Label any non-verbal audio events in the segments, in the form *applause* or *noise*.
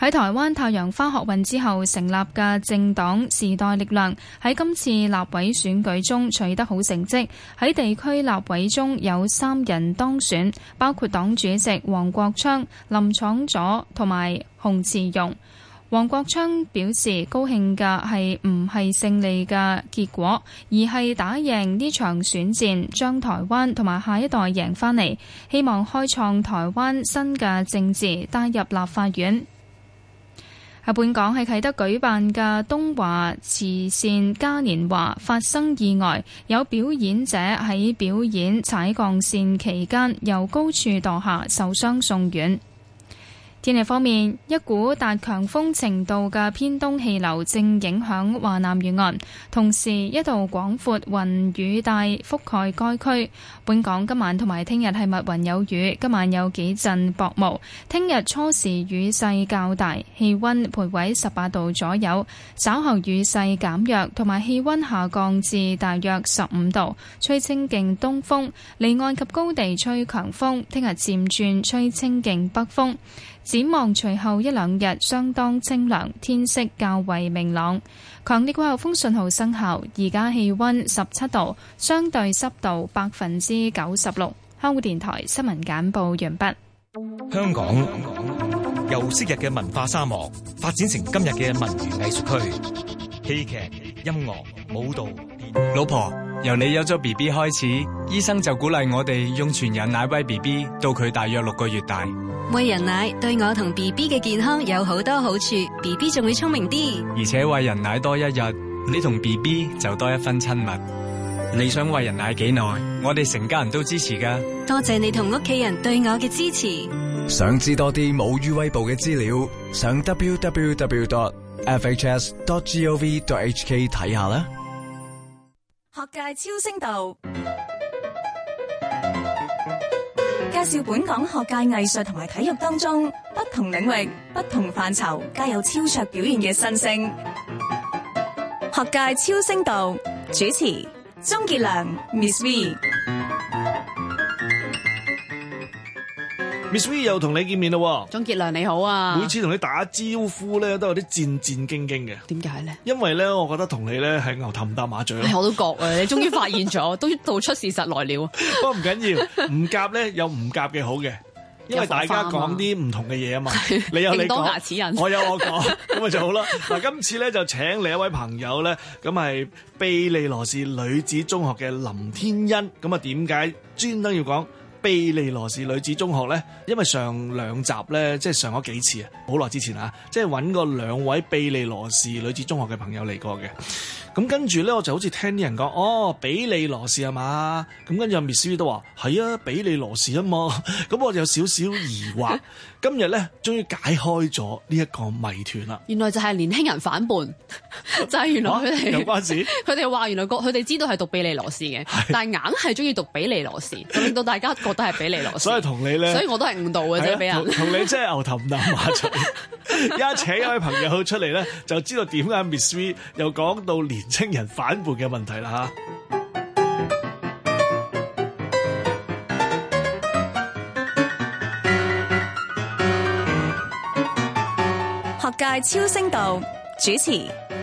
喺台灣太陽花學運之後成立嘅政黨時代力量喺今次立委選舉中取得好成績，喺地區立委中有三人當選，包括黨主席黃國昌、林昶佐同埋洪慈庸。黃國昌表示，高興嘅係唔係勝利嘅結果，而係打贏呢場選戰，將台灣同埋下一代贏翻嚟，希望開創台灣新嘅政治，帶入立法院。日本港喺啟德舉辦嘅東華慈善嘉年華發生意外，有表演者喺表演踩鋼線期間由高處墮下受傷送院。天氣方面，一股達強風程度嘅偏東氣流正影響華南沿岸，同時一道廣闊雲雨帶覆蓋該區。本港今晚同埋聽日係密雲有雨，今晚有幾陣薄霧，聽日初時雨勢較大，氣温徘徊十八度左右。稍後雨勢減弱，同埋氣温下降至大約十五度，吹清勁東風，離岸及高地吹強風。聽日漸轉吹清勁北風。展望隨後一兩日相當清涼，天色較為明朗。強烈季候風信號生效，而家氣温十七度，相對濕度百分之九十六。香港電台新聞簡報完畢。香港由昔日嘅文化沙漠發展成今日嘅文娛藝術區，戲劇、音樂、舞蹈。老婆，由你有咗 B B 開始，醫生就鼓勵我哋用全人奶餵 B B，到佢大約六個月大。餵人奶對我同 B B 嘅健康有好多好處，B B 仲會聰明啲。而且餵人奶多一日，你同 B B 就多一分親密。你想餵人奶幾耐？我哋成家人都支持㗎。多謝你同屋企人對我嘅支持。想知多啲母乳餵哺嘅資料，上 w w w dot f h s dot g o v dot h k 睇下啦。學界超聲道，介紹本港學界藝術同埋體育當中不同領域、不同範疇皆有超卓表現嘅新星。學界超聲道主持鍾杰良、Miss V。Ms V 又同你見面咯，鍾傑良你好啊！每次同你打招呼咧，都有啲戰戰兢兢嘅。點解咧？因為咧，我覺得同你咧係牛頭唔搭馬嘴咯，啊哎。我都覺啊，你終於發現咗， *laughs* 都道出事實來了。不過唔緊要，唔夾咧有唔夾嘅好嘅，因為大家講啲唔同嘅嘢啊嘛。有嘛你有你講， *laughs* 牙齒人，我有我講，咁咪就好啦。嗱，今次咧就請你一位朋友咧，咁係庇利羅士女子中學嘅林天恩。咁啊，點解專登要講？庇利羅士女子中學咧，因為上兩集咧，即係上咗幾次啊，好耐之前啊，即係揾過兩位庇利羅士女子中學嘅朋友嚟過嘅，咁、嗯、跟住咧，我就好似聽啲人講，哦，庇利羅士係嘛？咁、嗯、跟住 Ms V 都話係啊，庇利羅士啊嘛，咁、嗯、我就有少少疑惑。 *laughs* 今日咧，終於解開咗呢一個謎團啦！原來就係年輕人反叛， *laughs* 就係原來佢哋有關事，佢哋話原來佢哋知道係讀庇利羅士嘅，是但係硬係中意讀庇利羅士，令到 *laughs* 大家覺得係庇利羅士。 *laughs* 所以同你咧，所以我都係誤導嘅啫，俾、啊、人同，同你真係牛頭唔搭馬嘴。而家請一位朋友出嚟咧，就知道點解 Miss V 又講到年輕人反叛嘅問題啦嚇。學界超聲道主持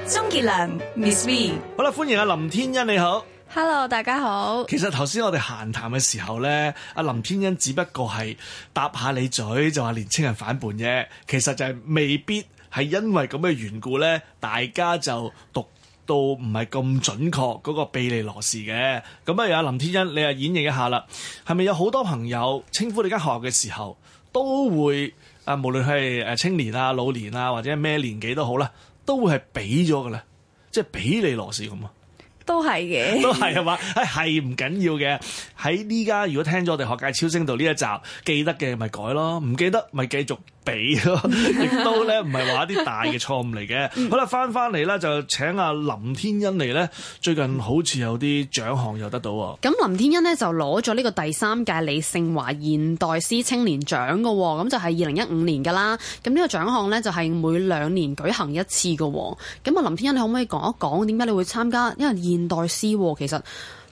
鍾傑良 Miss V，好啦，歡迎阿林天恩，你好，Hello，大家好。其實頭先我哋閒談嘅時候咧，阿林天恩只不過係搭下你嘴，就話年青人反叛啫。其實就係未必係因為咁嘅緣故咧，大家就讀到唔係咁準確嗰個庇利羅士嘅。咁啊，阿林天恩，你啊演繹一下啦，係咪有好多朋友稱呼你間學校嘅時候都會？啊，無論係誒青年啊、老年啊，或者咩年紀都好啦，都會係俾咗嘅咧，即係庇利羅士咁啊！都係嘅， *laughs* 都係啊嘛，係唔緊要嘅。喺呢家如果聽咗我哋學界超聲道呢一集，記得嘅咪改咯，唔記得咪繼續俾咯。亦 *laughs* 都咧唔係話一啲大嘅錯誤嚟嘅。 *laughs* 好啦，翻翻嚟啦，就請阿林天恩嚟咧。最近好似有啲獎項又得到。咁林天恩呢就攞咗呢個第三屆李聖華現代詩青年獎嘅、哦，咁就係二零一五年噶啦。咁呢個獎項咧就係、是、每兩年舉行一次嘅、哦。咁阿林天恩，你可唔可以講一講點解你會參加？因為現代詩咯，其實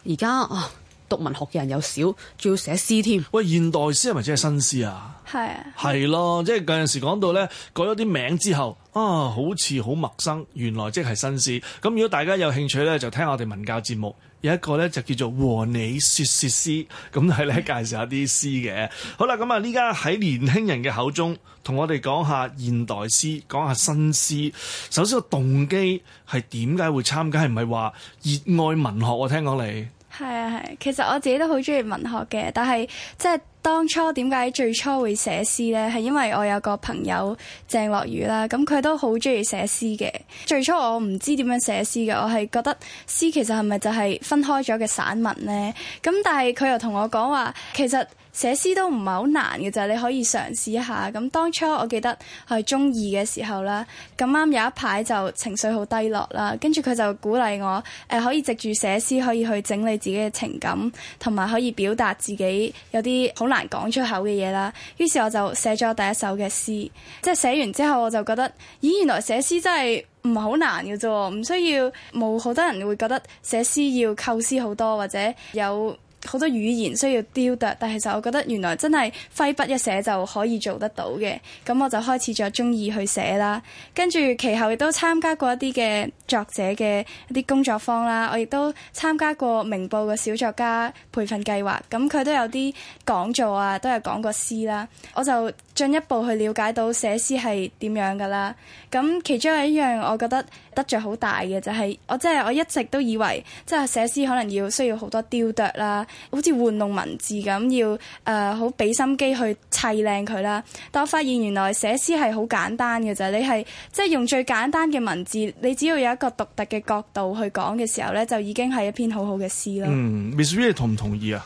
而家啊讀文學嘅人又少，仲要寫詩添。喂，現代詩係咪即係新詩啊？係啊，係咯，即係有陣時講到咧，改咗啲名之後啊，好似好陌生，原來即係新詩。咁如果大家有興趣咧，就聽聽我哋文教節目，有一個咧就叫做和你說說詩，咁係咧介紹下啲詩嘅。 *laughs* 好啦，咁啊，而家喺年輕人嘅口中。同我哋講下現代詩，講下新詩。首先個動機係點解會參加？係唔係話熱愛文學？我聽講你係啊係、啊。其實我自己都好中意文學嘅，但係即係當初點解最初會寫詩呢？係因為我有個朋友鄭樂宇啦，咁佢都好中意寫詩嘅。最初我唔知點樣寫詩嘅，我係覺得詩其實係咪就係分開咗嘅散文呢？咁但係佢又同我講話，其實。寫詩都唔係好難嘅就係，你可以嘗試一下。咁當初我記得係中二嘅時候啦，咁啱有一排就情緒好低落啦，跟住佢就鼓勵我誒、呃、可以藉住寫詩可以去整理自己嘅情感，同埋可以表達自己有啲好難講出口嘅嘢啦。於是我就寫咗第一首嘅詩。即係寫完之後，我就覺得咦，原來寫詩真係唔係好難嘅啫，唔需要冇好多人會覺得寫詩要構思好多或者有。好多語言需要雕琢，但其實我覺得原來真係揮筆一寫就可以做得到嘅，咁我就開始咗中意去寫啦。跟住其後亦都參加過一啲嘅。作者嘅一啲工作坊啦，我亦都參加過明報嘅小作家培訓計劃，咁佢都有啲講座啊，都有講過詩啦，我就進一步去了解到寫詩係點樣噶啦。咁其中有一樣我覺得得着好大嘅就係我即係我一直都以為即係寫詩可能要需要好多雕琢啦，好似玩弄文字咁，要誒好俾心機去砌靚佢啦。但我發現原來寫詩係好簡單嘅啫，你係即係用最簡單嘅文字，你只要有一。個獨特嘅角度去講嘅時候呢，就已經係一篇好好嘅詩咯。嗯，Miss V，你同唔同意啊？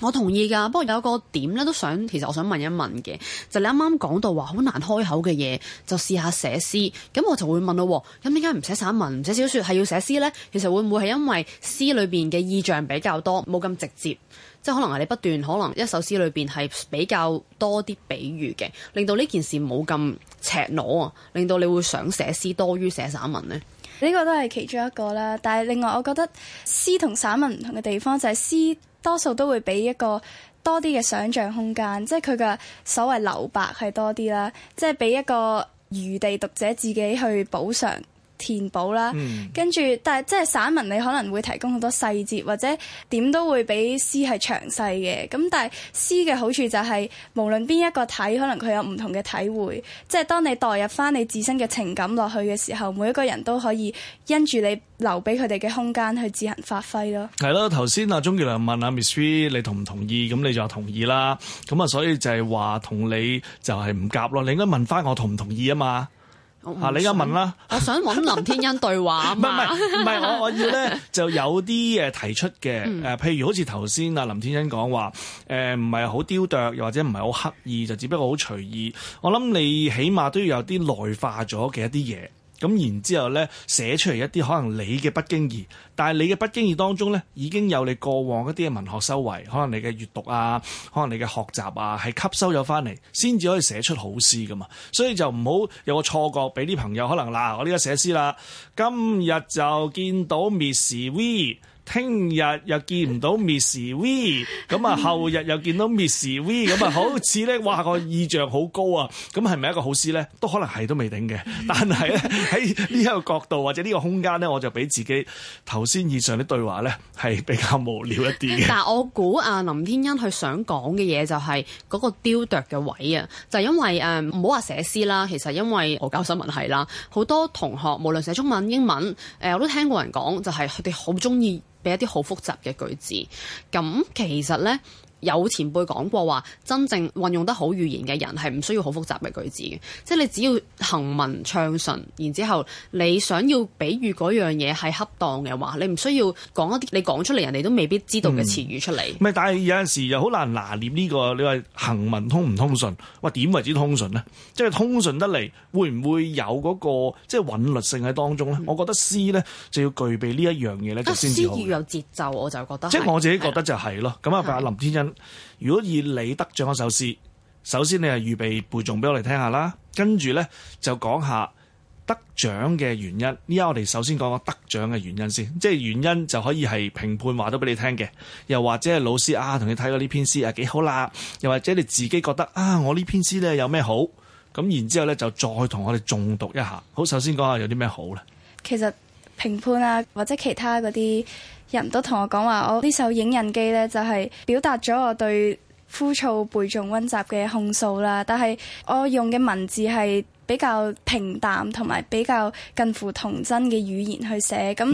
我同意噶，不過有個點呢，都想，其實我想問一問嘅就你啱啱講到話好難開口嘅嘢，就試下寫詩。咁我就會問咯，咁點解唔寫散文、寫小說，係要寫詩呢？其實會唔會係因為詩裏邊嘅意象比較多，冇咁直接，即係可能係你不斷可能一首詩裏邊係比較多啲比喻嘅，令到呢件事冇咁赤裸啊，令到你會想寫詩多於寫散文呢？呢個都係其中一個啦，但係另外我覺得詩同散文唔同嘅地方就係詩多數都會俾一個多啲嘅想象空間，即係佢嘅所謂留白係多啲啦，即係俾一個餘地讀者自己去補償。填補啦，嗯、跟住但係即係散文，你可能會提供好多細節，或者點都會比詩係詳細嘅。咁但係詩嘅好處就係、是、無論邊一個睇，可能佢有唔同嘅體會。即係當你代入翻你自身嘅情感落去嘅時候，每一個人都可以因住你留俾佢哋嘅空間去自行發揮咯。係咯，頭先啊，鍾傑良問阿 Ms V 你同唔同意？咁你就話同意啦。咁啊，所以就係話同你就係唔夾咯。你應該問翻我同唔同意啊嘛。啊，你而家問啦，我想揾林天恩對話， *laughs* 唔係，唔係，唔係我我要咧就有啲誒，提出嘅誒、 *laughs* 呃、譬如好似頭先啊林天恩講話誒唔係好雕琢，又或者唔係好刻意，就只不過好隨意。我諗你起碼都要有啲內化咗嘅一啲嘢。咁然之後咧，寫出嚟一啲可能你嘅不經意，但係你嘅不經意當中咧，已經有你過往一啲嘅文學修為，可能你嘅閱讀啊，可能你嘅學習啊，係、啊、吸收咗翻嚟，先至可以寫出好詩噶嘛。所以就唔好有個錯覺，俾啲朋友可能嗱、啊，我呢家寫詩啦，今日就見到 Miss V。聽日又見唔到 Miss V，咁啊後日又見到 Miss V，咁啊好似咧，哇個意象好高啊！咁係咪一個好詩咧？都可能係都未定嘅。但係咧喺呢一個角度或者呢個空間咧，我就俾自己頭先以上啲對話咧係比較無聊一啲嘅。但係我估啊，林天恩佢想講嘅嘢就係嗰個雕琢嘅位啊，就係因為誒唔好話寫詩啦，其實因為我教新聞係啦，好多同學無論寫中文、英文，誒我都聽過人講，就係佢哋好中意。俾一啲好複雜嘅句子，咁其實呢。有前輩講過話，真正運用得好語言嘅人係唔需要好複雜嘅句子嘅，即係你只要行文暢順，然之後你想要比喻嗰樣嘢係恰當嘅話，你唔需要講一啲你講出嚟人哋都未必知道嘅詞語出嚟。唔係，嗯，但係有陣時又好難拿捏呢個。你話行文通唔通順？哇，點為之通順呢？即係通順得嚟，會唔會有嗰個即係韻律性喺當中咧？嗯，我覺得詩咧就要具備呢一樣嘢咧就先要有節奏，我就覺得。即係我自己覺得就係咯。咁啊的，阿林天恩。如果以你得獎嗰首詩，首先你係預備背誦俾我嚟聽下啦，跟住呢，就講下得獎嘅原因。依家我哋首先講講得獎嘅原因先，即係原因就可以係評判話到俾你聽嘅，又或者係老師啊同你睇過呢篇詩啊幾好啦，又或者你自己覺得啊我呢篇詩呢有咩好？咁然之後呢，就再同我哋重讀一下。好，首先講下有啲咩好咧？其實評判啊或者其他嗰啲。人都同我講話，我呢首影印機呢就係、是、表達咗我對枯燥背誦溫習嘅控訴啦。但係我用嘅文字係。比較平淡同埋比較近乎童真嘅語言去寫，咁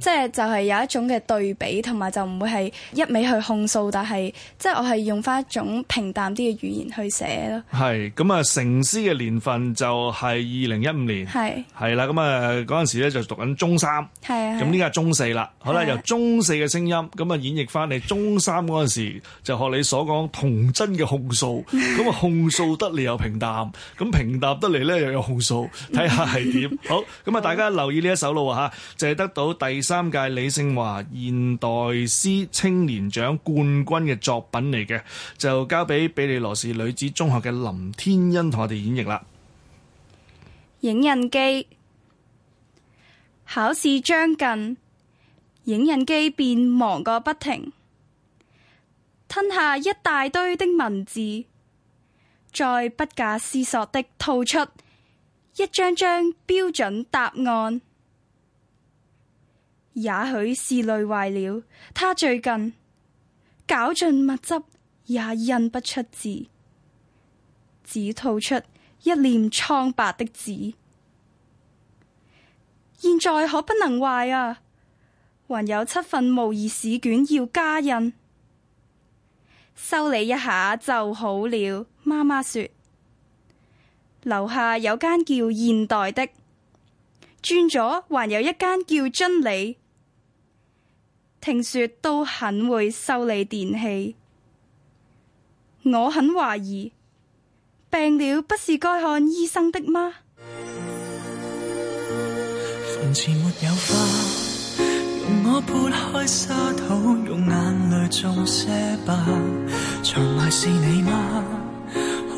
即係就係有一種嘅對比，同埋就唔會係一味去控訴，但係即係我係用翻一種平淡啲嘅語言去寫咯。係咁啊，成詩嘅年份就係二零一五年，係係啦。咁啊，嗰陣時咧就讀緊中三，係啊，咁呢個係中四啦。好啦，由中四嘅聲音咁啊演繹翻你中三嗰陣時就學你所講童真嘅控訴，咁啊控訴得嚟又平淡，咁平淡得嚟咧。一日有控訴，睇下係點好。咁啊，大家留意呢一首咯吓、 *laughs* 啊，就係、是、得到第三屆李聖華現代詩青年獎冠軍嘅作品嚟嘅，就交俾庇利羅士女子中學嘅林天恩同我哋演繹啦。影印機考試將近，影印機便忙個不停，吞下一大堆的文字，再不假思索的吐出。一張張標準答案，也許是累壞了。他最近絞盡墨汁也印不出字，只吐出一臉蒼白的字。現在可不能壞啊！還有七份模擬試卷要加印。修理一下就好了，媽媽說。樓下有間叫現代的，轉咗還有一間叫真理，聽說都很會修理電器。我很懷疑，病了不是該看醫生的嗎？墳前沒有花，用我撥開沙土，用眼淚種些吧。長埋是你嗎？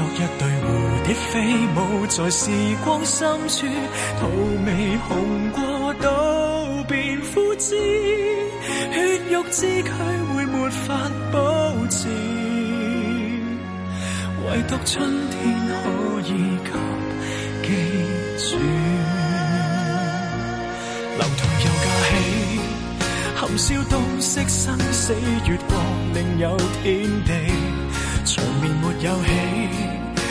落日對蝴蝶飛舞在時光深處，荼薇紅過都變枯枝，血肉之軀會沒法保持，唯獨春天可以記住。樓台又架起，含笑洞悉生死越過另有天地，長眠沒有起。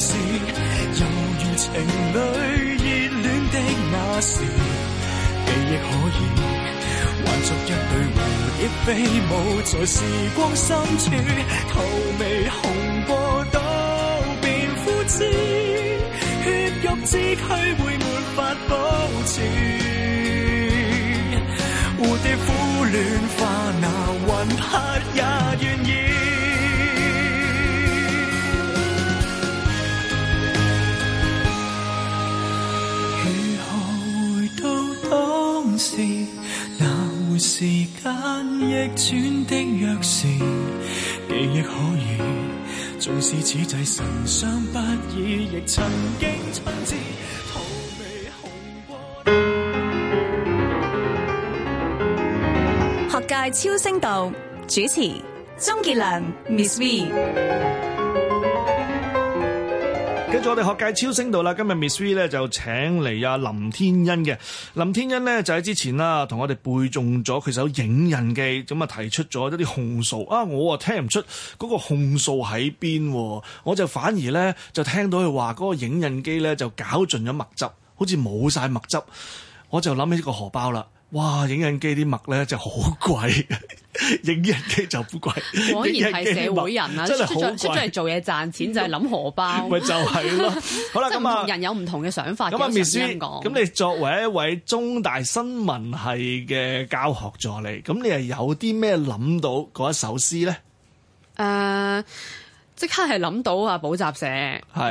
是猶如情侶熱戀的那時，記憶可以幻作一對蝴蝶飛舞在時光深處，頭未紅過都變枯枝，血肉之軀會沒法保持。蝴蝶苦戀花哪魂魄也願意？時間逆轉的若是，記憶可餘，縱使此際神傷不已，亦曾經春美學界超聲道主持鍾傑良、Miss Ms . V。跟住我哋學界超聲度啦，今日 Miss V 咧，就請嚟啊林天恩嘅。林天恩咧就喺之前啦，同我哋背誦咗佢首《影印機》，咁啊提出咗一啲控訴。啊，我啊聽唔出嗰個控訴喺邊，我就反而咧就聽到佢話嗰個影印機咧就搞盡咗墨汁，好似冇晒墨汁，我就諗起個荷包啦。哇！影印機啲墨咧就好貴，影印機就好貴。果然係社會人啊，出咗嚟做嘢賺錢、嗯、就係諗荷包，咪 *laughs* *laughs* 就係咯。好啦，咁啊，人有唔同嘅想法。咁啊，Missy，咁你作為一位中大新聞系嘅教學助理，咁你係有啲咩諗到嗰一首詩咧？誒，即刻係諗到啊！補習社、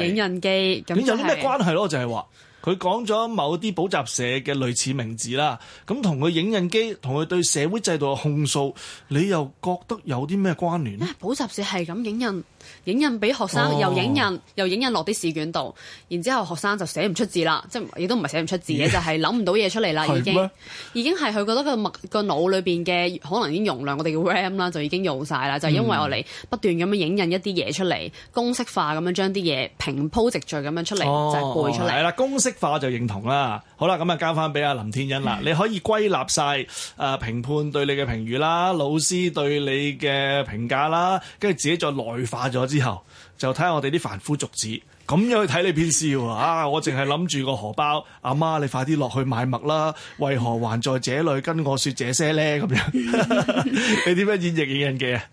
影印機，咁、就是、有啲咩關係咯？就係、是、話。佢講咗某啲補習社嘅類似名字啦，咁同佢影印機，同佢對社會制度嘅控訴，你又覺得有啲咩關聯？補習社係咁影印。影印俾學生，又影印，又影印落啲試卷度，然之後學生就寫唔出字啦，即係亦都唔係寫唔出字嘅，耶、就係諗唔到嘢出嚟啦，係咩、已經，已經係佢覺得個默個腦裏邊嘅可能已經容量，我哋嘅 RAM 啦，就已經用晒啦，就係、是、因為我哋不斷咁樣影印一啲嘢出嚟，嗯、公式化咁樣將啲嘢平鋪直敍咁樣出嚟、哦、就係背出嚟。係啦、哦，公式化就認同啦。好啦，咁啊交翻俾阿林天恩啦，嗯、你可以歸納晒誒評判對你嘅評語啦，老師對你嘅評價啦，跟住自己再內化。咗之後，就睇下我哋啲凡夫俗子咁樣去睇你篇笑啊！我淨係諗住個荷包，阿媽你快啲落去買物啦！為何還在這裡跟我説這些呢？咁樣 *laughs* 你點樣演繹《影人記》啊？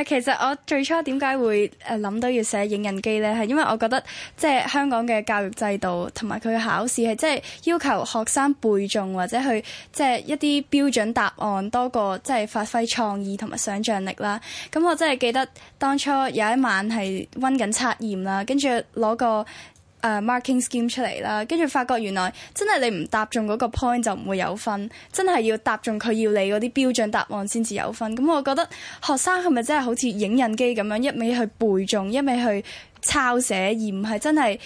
唔，其實我最初點解會誒，諗到要寫影印機呢？係因為我覺得即係香港嘅教育制度同埋佢嘅考試係即係要求學生背誦或者去即係一啲標準答案多過即係發揮創意同埋想像力啦。咁我真係記得當初有一晚係溫緊測驗啦，跟住攞個。Uh, marking scheme 出嚟啦，跟住發覺原來真係你唔答中嗰個 point 就唔會有分，真係要答中佢要你嗰啲標準答案先至有分。咁我覺得學生係咪真係好似影印機咁樣一味去背誦，一味去抄寫，而唔係真係。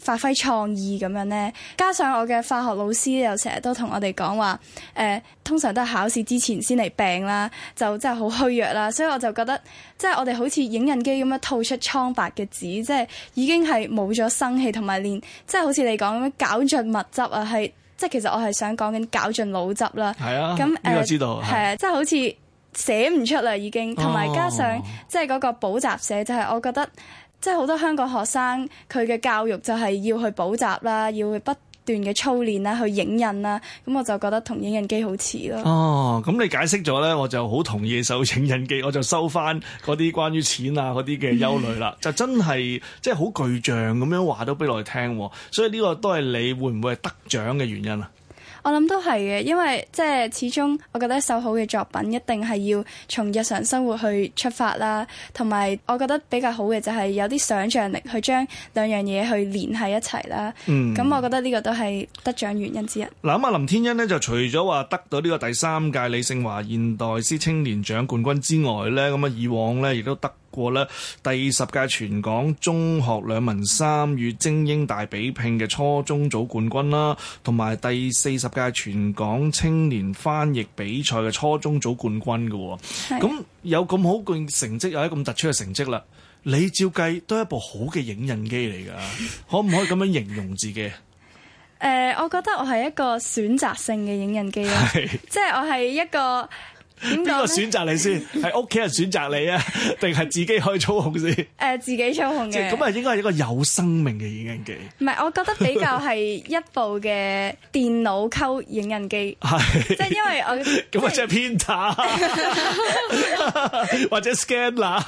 發揮創意咁樣呢，加上我嘅化學老師又成日都同我哋講話，誒、呃、通常都係考試之前先嚟病啦，就真係好虛弱啦，所以我就覺得，即係我哋好似影印機咁樣吐出蒼白嘅紙，即係已經係冇咗生氣同埋練，即係好似你講咁樣搞盡物質啊，係即係其實我係想講緊搞盡腦汁啦。係啊，咁樣知道，係、呃、啊，即係好似寫唔出啦已經，同埋加上即係嗰個補習社就係、是、我覺得。即係好多香港學生，佢嘅教育就係要去補習啦，要去不斷嘅操練啦，去影印啦，咁我就覺得同影印機好似咯。哦，咁你解釋咗咧，我就好同意手影印機，我就收翻嗰啲關於錢啊嗰啲嘅憂慮啦， *laughs* 就真係即係好具象咁樣話到俾我哋聽，所以呢個都係你會唔會係得獎嘅原因啊？我諗都係嘅，因為即係始終，我覺得一首好嘅作品一定係要從日常生活去出發啦，同埋我覺得比較好嘅就係有啲想象力去將兩樣嘢去連喺一齊啦。咁、嗯、我覺得呢個都係得獎原因之一。嗱咁啊，林天恩呢就除咗話得到呢個第三屆李聖華現代詩青年獎冠軍之外呢，咁啊以往呢亦都得。過咧第十屆全港中學兩文三語精英大比拼嘅初中組冠軍啦，同埋第四十屆全港青年翻譯比賽嘅初中組冠軍嘅，咁有咁好嘅成績，有一咁突出嘅成績啦。你照計都係一部好嘅影印機嚟噶， *laughs* 可唔可以咁樣形容自己？誒、呃，我覺得我係一個選擇性嘅影印機咯，是即係我係一個。邊個選擇你先？係屋企人選擇你啊，定係自己可以操控先？誒、呃，自己操控嘅。咁啊，應該係一個有生命嘅影印機。唔係，我覺得比較係一部嘅電腦溝影印機。係，即係因為我咁啊，即係 printer *laughs* 或者 scanner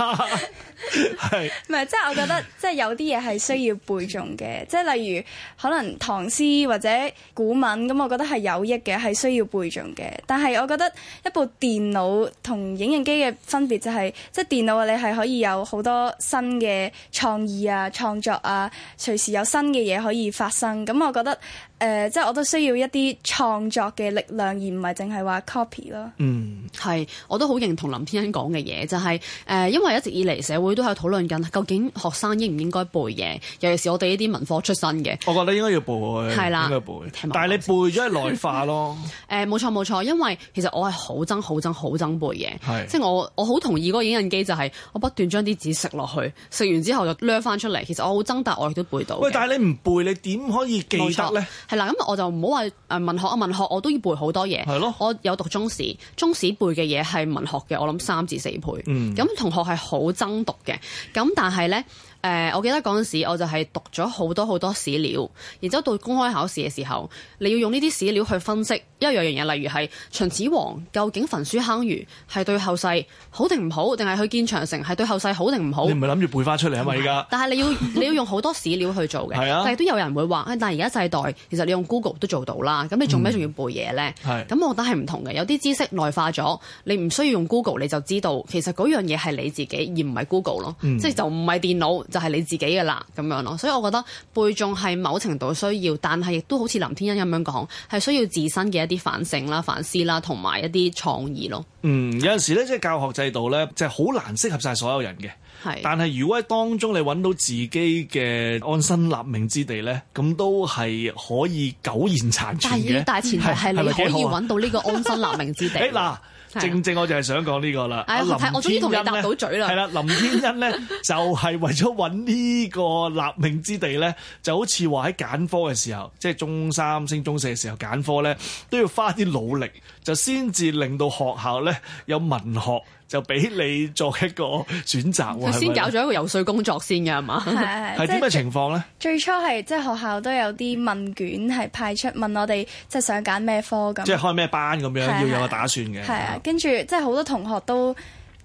係。唔係，即係我覺得，即係有啲嘢係需要背誦嘅，即係例如可能唐詩或者古文，咁我覺得係有益嘅，係需要背誦嘅。但係我覺得一部電電腦同影印機嘅分別就係，即係電腦你係可以有好多新嘅創意啊、創作啊，隨時有新嘅嘢可以發生。咁我覺得。誒、呃，即係我都需要一啲創作嘅力量，而唔係淨係話 copy 咯。嗯，係，我都好認同林天恩講嘅嘢，就係、是、誒、呃，因為一直以嚟社會都喺度討論緊，究竟學生應唔應該背嘢？尤其是我哋呢啲文科出身嘅，我覺得應該要背。係啦的，應該要背。的但係你背咗係內化咯。誒、 *laughs* 呃，冇錯冇錯，因為其實我係好憎好憎好憎，憎背嘢。的即係我我好同意嗰個影印機，就係我不斷將啲紙食落去，食完之後就掠翻出嚟。其實我好憎，但我亦都背到。喂，但係你唔背，你點可以記得咧？係啦，咁我就唔好話誒文學啊，文學我都要背好多嘢。係咯，我有讀中史，中史背嘅嘢係文學嘅，我諗三至四倍。嗯，咁同學係好爭讀嘅，咁但係咧。誒、呃，我記得嗰陣時，我就係讀咗好多好多史料，然之後到公開考試嘅時候，你要用呢啲史料去分析一樣樣嘢，例如係秦始皇究竟焚書坑儒係對後世好定唔好，定係去建長城係對後世好定唔好？你唔係諗住背翻出嚟啊嘛？而家，在但係你要 *laughs* 你要用好多史料去做嘅， *laughs* 但係都有人會話，但係而家世代其實你用 Google 都做到啦，咁你做咩仲要背嘢呢？嗯，係，咁我覺得係唔同嘅，有啲知識內化咗，你唔需要用 Google 你就知道，其實嗰樣嘢係你自己而唔係 Google 咯、嗯，即係就唔係電腦。就係你自己嘅啦，咁樣咯，所以我覺得背誦係某程度需要，但係亦都好似林天恩咁樣講，係需要自身嘅一啲反省啦、反思啦，同埋一啲創意咯。嗯，有陣時咧，即係教學制度咧，就係、是、好難適合晒所有人嘅。係是，但係如果喺當中你揾到自己嘅安身立命之地咧，咁都係可以苟延殘喘。但係，但係大前提係你可以揾到呢個安身立命之地。嗱。是 *laughs* 正正我就係想講、哎、呀呢個啦，阿林天恩咧，我終於同你答到嘴啦，係啦，林天恩咧 *laughs* 就係為咗揾呢個立命之地咧，就好似話喺揀科嘅時候，即係中三升中四嘅時候，揀科咧都要花啲努力，就先至令到學校咧有文學。就俾你作一個選擇喎。佢先搞咗一個游説工作先嘅係嘛？係係係點嘅情況咧？最初係即係學校都有啲問卷係派出，問我哋即係想揀咩科咁。即係開咩班咁樣要有個打算嘅。係啊，跟住即係好多同學都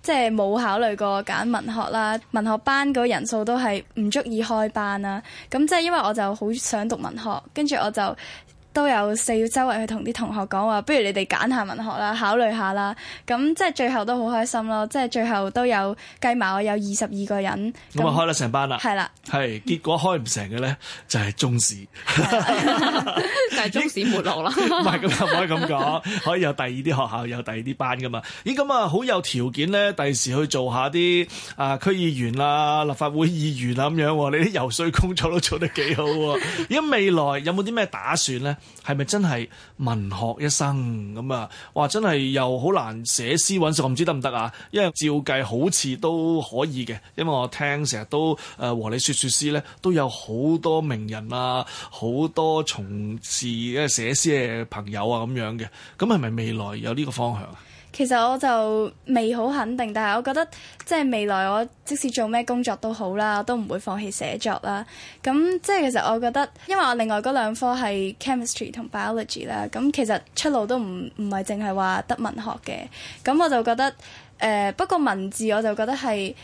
即係冇考慮過揀文學啦，文學班嗰個人數都係唔足以開班啦。咁即係因為我就好想讀文學，跟住我就。都有四個周圍去同啲同學講話，不如你哋揀下文學啦，考慮下啦。咁即係最後都好開心咯，即係最後都有計埋我有二十二個人咁啊開得成班、嗯、啦，係啦，係結果開唔成嘅咧就係中史，就係、是、中史 *laughs* *laughs* *laughs* 沒落啦。唔係咁又唔可以咁講，可以有第二啲學校有第二啲班噶嘛？咦咁啊好有條件咧，第時去做下啲啊區議員啦、啊、立法會議員啊咁樣，你啲遊説工作都做得幾好喎？如果 *laughs* 未來有冇啲咩打算咧？係咪真係文學一生咁啊？哇，真係又好難寫詩揾食，我唔知得唔得啊！因為照計好似都可以嘅，因為我聽成日都誒、呃、和你説説詩咧，都有好多名人啊，好多從事誒寫詩嘅朋友啊咁樣嘅。咁係咪未來有呢個方向啊？其實我就未好肯定，但係我覺得即係未來我即使做咩工作都好啦，我都唔會放棄寫作啦。咁即係其實我覺得，因為我另外嗰兩科係 chemistry 同 biology 啦，咁其實出路都唔唔係淨係話得文學嘅。咁我就覺得誒、呃，不過文字我就覺得係。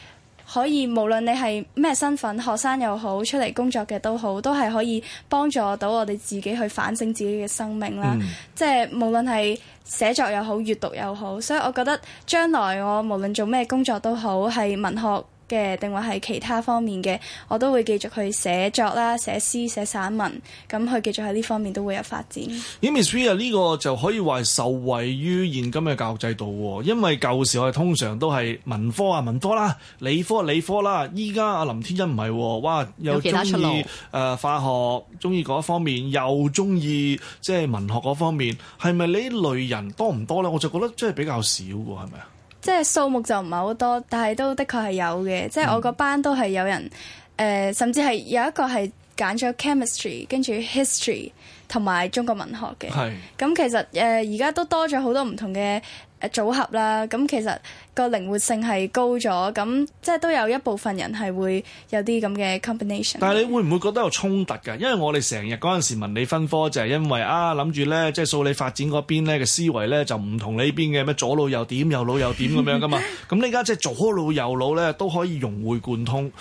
可以，無論你係咩身份，學生又好，出嚟工作嘅都好，都係可以幫助到我哋自己去反省自己嘅生命啦。嗯、即係無論係寫作又好，閱讀又好，所以我覺得將來我無論做咩工作都好，係文學。嘅定話係其他方面嘅，我都會繼續去寫作啦，寫詩寫散文，咁去繼續喺呢方面都會有發展。Ms V 啊，呢、呢個就可以話受惠於現今嘅教育制度，啊、因為舊時我哋通常都係文科啊、文科啦、啊，理科啊，理科啦、啊。依家阿林天恩唔係，哇、啊，又中意誒化學，中意嗰一方面，又中意即係文學嗰方面，係咪呢類人多唔多咧？我就覺得即係比較少係咪啊？是即係數目就唔係好多，但係都的確係有嘅。嗯、即係我個班都係有人，誒、呃，甚至係有一個係揀咗 chemistry 跟住 history 同埋中國文學嘅，咁是其實誒而家都多咗好多唔同嘅、呃、組合啦。咁其實個靈活性係高咗，咁即係都有一部分人係會有啲咁嘅 combination。但係你會唔會覺得有衝突㗎？因為我哋成日嗰陣時文理分科就係因為啊諗住咧，即係數理發展嗰邊咧嘅思維咧就唔同你邊嘅咩左腦又點右腦又點咁樣㗎嘛。咁 *laughs* 你家即係左腦右腦咧都可以融會貫通。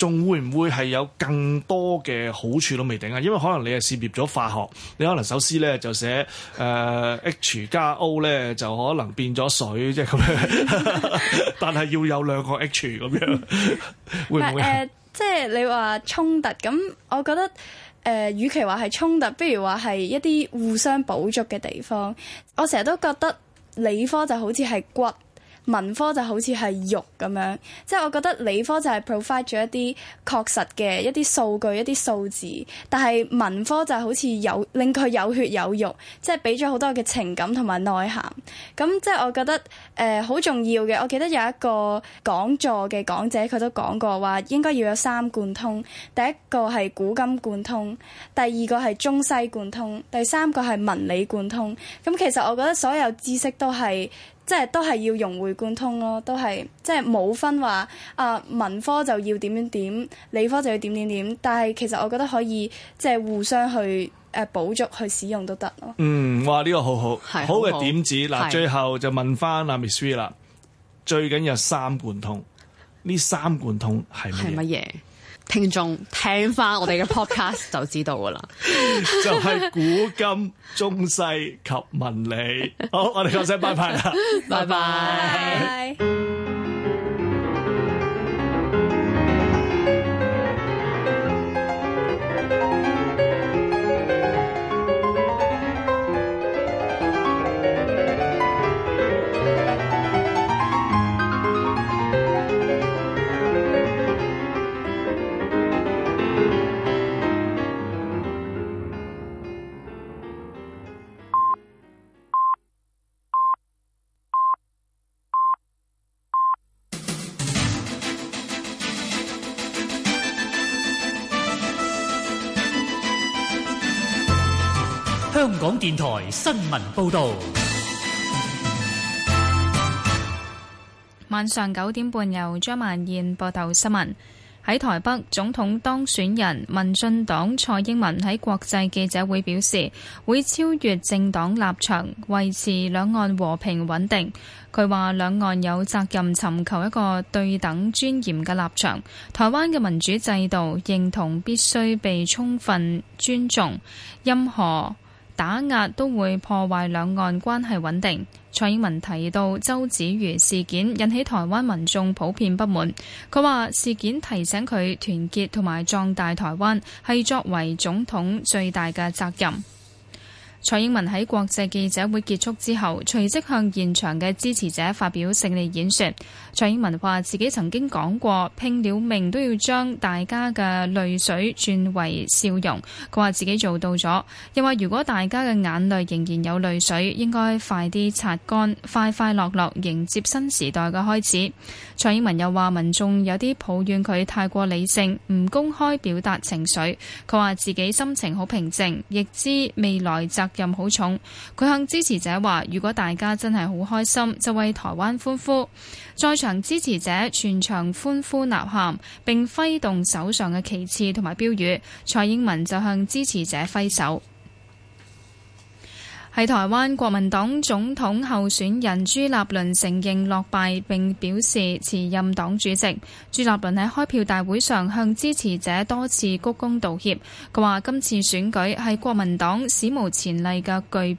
仲會唔會係有更多嘅好處都未定啊？因為可能你係涉獵咗化學，你可能首詩咧就寫誒、呃、H 加 O 咧就可能變咗水，即係咁樣。 *laughs* 但係要有兩個 H 咁樣， *laughs* 會唔會誒？即係、呃就是、你話衝突，咁我覺得誒、呃，與其話係衝突，不如話係一啲互相補足嘅地方。我成日都覺得理科就好似係骨。文科就好似係肉咁樣，即係我覺得理科就係 provide 咗一啲確實嘅一啲數據、一啲數字，但係文科就好似有令佢有血有肉，即係俾咗好多嘅情感同埋內涵。咁即係我覺得誒好、呃、重要嘅。我記得有一個講座嘅講者佢都講過話應該要有三貫通，第一個係古今貫通，第二個係中西貫通，第三個係文理貫通。咁其實我覺得所有知識都係。即係都係要融會貫通咯，都係即係冇分話啊、呃、文科就要點點點，理科就要點點點。但係其實我覺得可以即係互相去誒、呃、補足去使用都得咯。嗯，哇呢、呢個好好是好嘅點子。嗱，最後就問翻啊 Ms V 啦，是最緊要三貫通，呢三貫通係乜嘢？聽眾聽翻我哋嘅 podcast *laughs* 就知道㗎啦， *laughs* 就係古今中世及文理。好，我哋講聲拜拜啦，拜拜。電台新聞報道，晚上九點半由張曼燕播頭新聞。喺台北，總統當選人民進黨蔡英文喺國際記者會表示，會超越政黨立場，維持兩岸和平穩定。佢話兩岸有責任尋求一個對等尊嚴嘅立場，台灣嘅民主制度認同必須被充分尊重，任何。打壓都會破壞兩岸關係穩定。蔡英文提到周子瑜事件引起台灣民眾普遍不滿，佢話事件提醒佢團結同埋壯大台灣係作為總統最大嘅責任。蔡英文喺國際記者會結束之後，隨即向現場嘅支持者發表勝利演說。蔡英文話自己曾經講過，拼了命都要將大家嘅淚水轉為笑容。佢話自己做到咗，又話如果大家嘅眼淚仍然有淚水，應該快啲擦乾，快快樂樂迎接新時代嘅開始。蔡英文又話民眾有啲抱怨佢太過理性，唔公開表達情緒。佢話自己心情好平靜，亦知未來任好重，佢向支持者話：如果大家真係好開心，就為台灣歡呼。在場支持者全場歡呼吶喊，並揮動手上嘅旗幟同埋標語。蔡英文就向支持者揮手。喺台灣國民黨總統候選人朱立倫承認落敗並表示辭任黨主席。朱立倫喺開票大會上向支持者多次鞠躬道歉。佢話今次選舉係國民黨史無前例嘅巨變。